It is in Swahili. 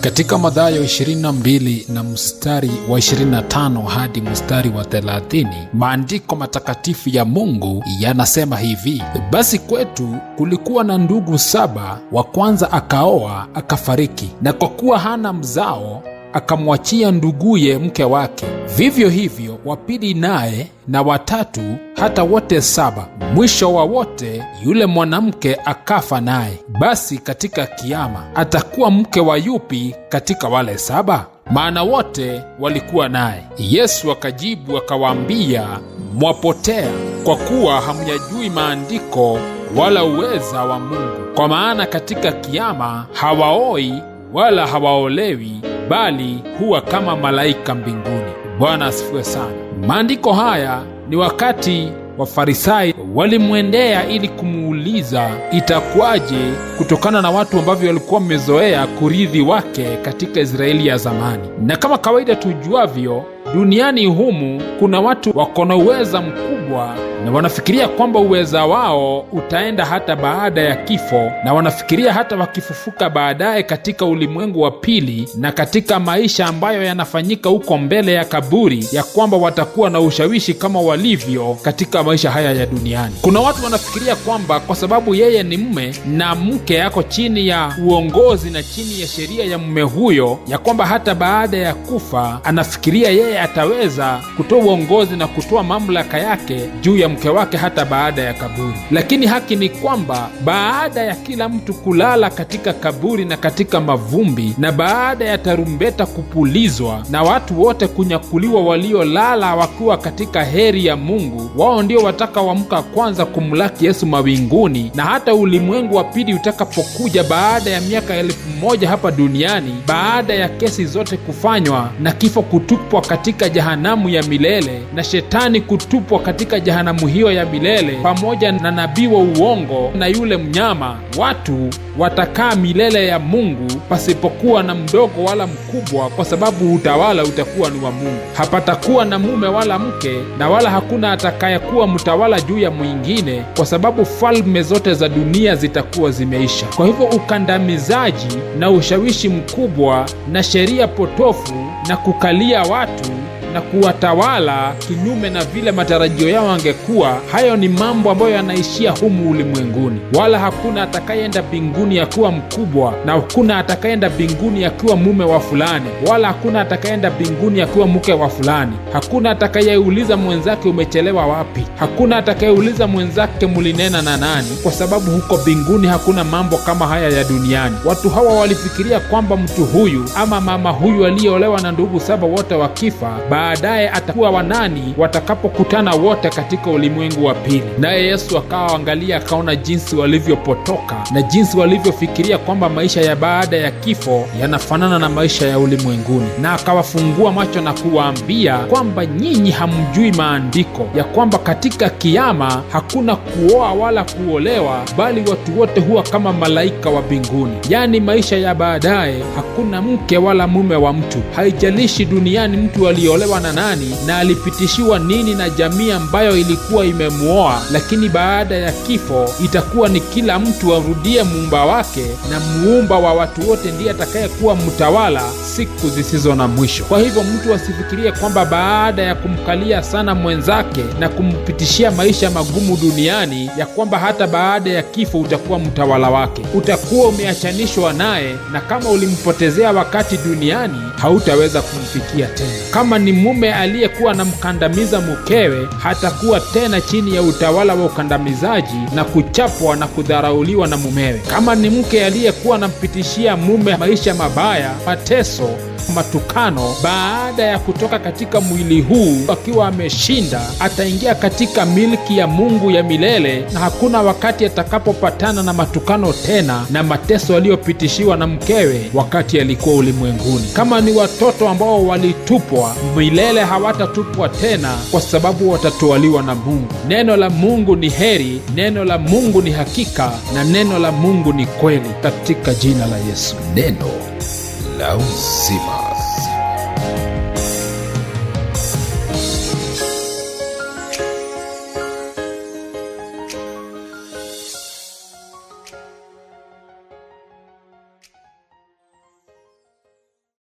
Katika madhayo 22 na mstari wa 25 hadi mstari wa 30, maandiko matakatifu ya Mungu yanasema hivi: basi kwetu kulikuwa na ndugu saba, wa kwanza akaoa akafariki, na kwa kuwa hana mzao akamwachia nduguye mke wake. Vivyo hivyo wa pili naye na watatu, hata wote saba. Mwisho wa wote yule mwanamke akafa naye. Basi katika kiama atakuwa mke wa yupi katika wale saba? Maana wote walikuwa naye. Yesu akajibu akawaambia, mwapotea kwa kuwa hamyajui maandiko wala uweza wa Mungu. Kwa maana katika kiama hawaoi wala hawaolewi bali huwa kama malaika mbinguni. Bwana asifiwe sana. Maandiko haya ni wakati wafarisai walimwendea ili kumuuliza itakuwaje, kutokana na watu ambavyo walikuwa wamezoea kurithi wake katika Israeli ya zamani. Na kama kawaida tujuavyo, Duniani humu kuna watu wako na uweza mkubwa na wanafikiria kwamba uweza wao utaenda hata baada ya kifo, na wanafikiria hata wakifufuka baadaye katika ulimwengu wa pili na katika maisha ambayo yanafanyika huko mbele ya kaburi, ya kwamba watakuwa na ushawishi kama walivyo katika maisha haya ya duniani. Kuna watu wanafikiria kwamba kwa sababu yeye ni mme na mke ako chini ya uongozi na chini ya sheria ya mme huyo, ya kwamba hata baada ya kufa anafikiria yeye ataweza kutoa uongozi na kutoa mamlaka yake juu ya mke wake hata baada ya kaburi. Lakini haki ni kwamba baada ya kila mtu kulala katika kaburi na katika mavumbi, na baada ya tarumbeta kupulizwa na watu wote kunyakuliwa, waliolala wakiwa katika heri ya Mungu, wao ndio watakaoamka kwanza kumlaki Yesu mawinguni, na hata ulimwengu wa pili utakapokuja baada ya miaka elfu moja hapa duniani, baada ya kesi zote kufanywa na kifo kutupwa katika katika jahanamu ya milele na shetani kutupwa katika jehanamu hiyo ya milele pamoja na nabii wa uongo na yule mnyama. Watu watakaa milele ya Mungu pasipokuwa na mdogo wala mkubwa, kwa sababu utawala utakuwa ni wa Mungu. Hapatakuwa na mume wala mke, na wala hakuna atakayekuwa mtawala juu ya mwingine, kwa sababu falme zote za dunia zitakuwa zimeisha. Kwa hivyo ukandamizaji na ushawishi mkubwa na sheria potofu na kukalia watu na kuwatawala kinyume na vile matarajio yao angekuwa. Hayo ni mambo ambayo yanaishia humu ulimwenguni, wala hakuna atakayeenda mbinguni akiwa mkubwa, na hakuna atakayeenda mbinguni akiwa mume wa fulani, wala hakuna atakayeenda mbinguni akiwa mke wa fulani. Hakuna atakayeuliza mwenzake umechelewa wapi, hakuna atakayeuliza mwenzake mulinena na nani, kwa sababu huko mbinguni hakuna mambo kama haya ya duniani. Watu hawa walifikiria kwamba mtu huyu ama mama huyu aliyeolewa na ndugu saba wote wakifa baadaye atakuwa wanani watakapokutana wote katika ulimwengu wa pili. Naye Yesu akawaangalia akaona jinsi walivyopotoka na jinsi walivyofikiria kwamba maisha ya baada ya kifo yanafanana na maisha ya ulimwenguni, na akawafungua macho na kuwaambia kwamba nyinyi hamjui maandiko ya kwamba katika kiama hakuna kuoa wala kuolewa, bali watu wote huwa kama malaika wa mbinguni. Yaani maisha ya baadaye hakuna mke wala mume wa mtu, haijalishi duniani mtu aliolewa aliolewa na nani na alipitishiwa nini na jamii ambayo ilikuwa imemwoa, lakini baada ya kifo itakuwa ni kila mtu arudie muumba wake, na muumba wa watu wote ndiye atakayekuwa mtawala siku zisizo na mwisho. Kwa hivyo mtu asifikirie kwamba baada ya kumkalia sana mwenzake na kumpitishia maisha magumu duniani ya kwamba hata baada ya kifo utakuwa mtawala wake. Utakuwa umeachanishwa naye, na kama ulimpotezea wakati duniani hautaweza kumfikia tena. Kama ni mume aliyekuwa anamkandamiza mkewe hatakuwa tena chini ya utawala wa ukandamizaji na kuchapwa na kudharauliwa na mumewe. Kama ni mke aliyekuwa anampitishia mume maisha mabaya, mateso matukano baada ya kutoka katika mwili huu akiwa ameshinda, ataingia katika milki ya Mungu ya milele, na hakuna wakati atakapopatana na matukano tena na mateso aliyopitishiwa na mkewe wakati alikuwa ulimwenguni. Kama ni watoto ambao walitupwa, milele hawatatupwa tena, kwa sababu watatwaliwa na Mungu. Neno la Mungu ni heri, neno la Mungu ni hakika, na neno la Mungu ni kweli, katika jina la Yesu neno Canal Ziba.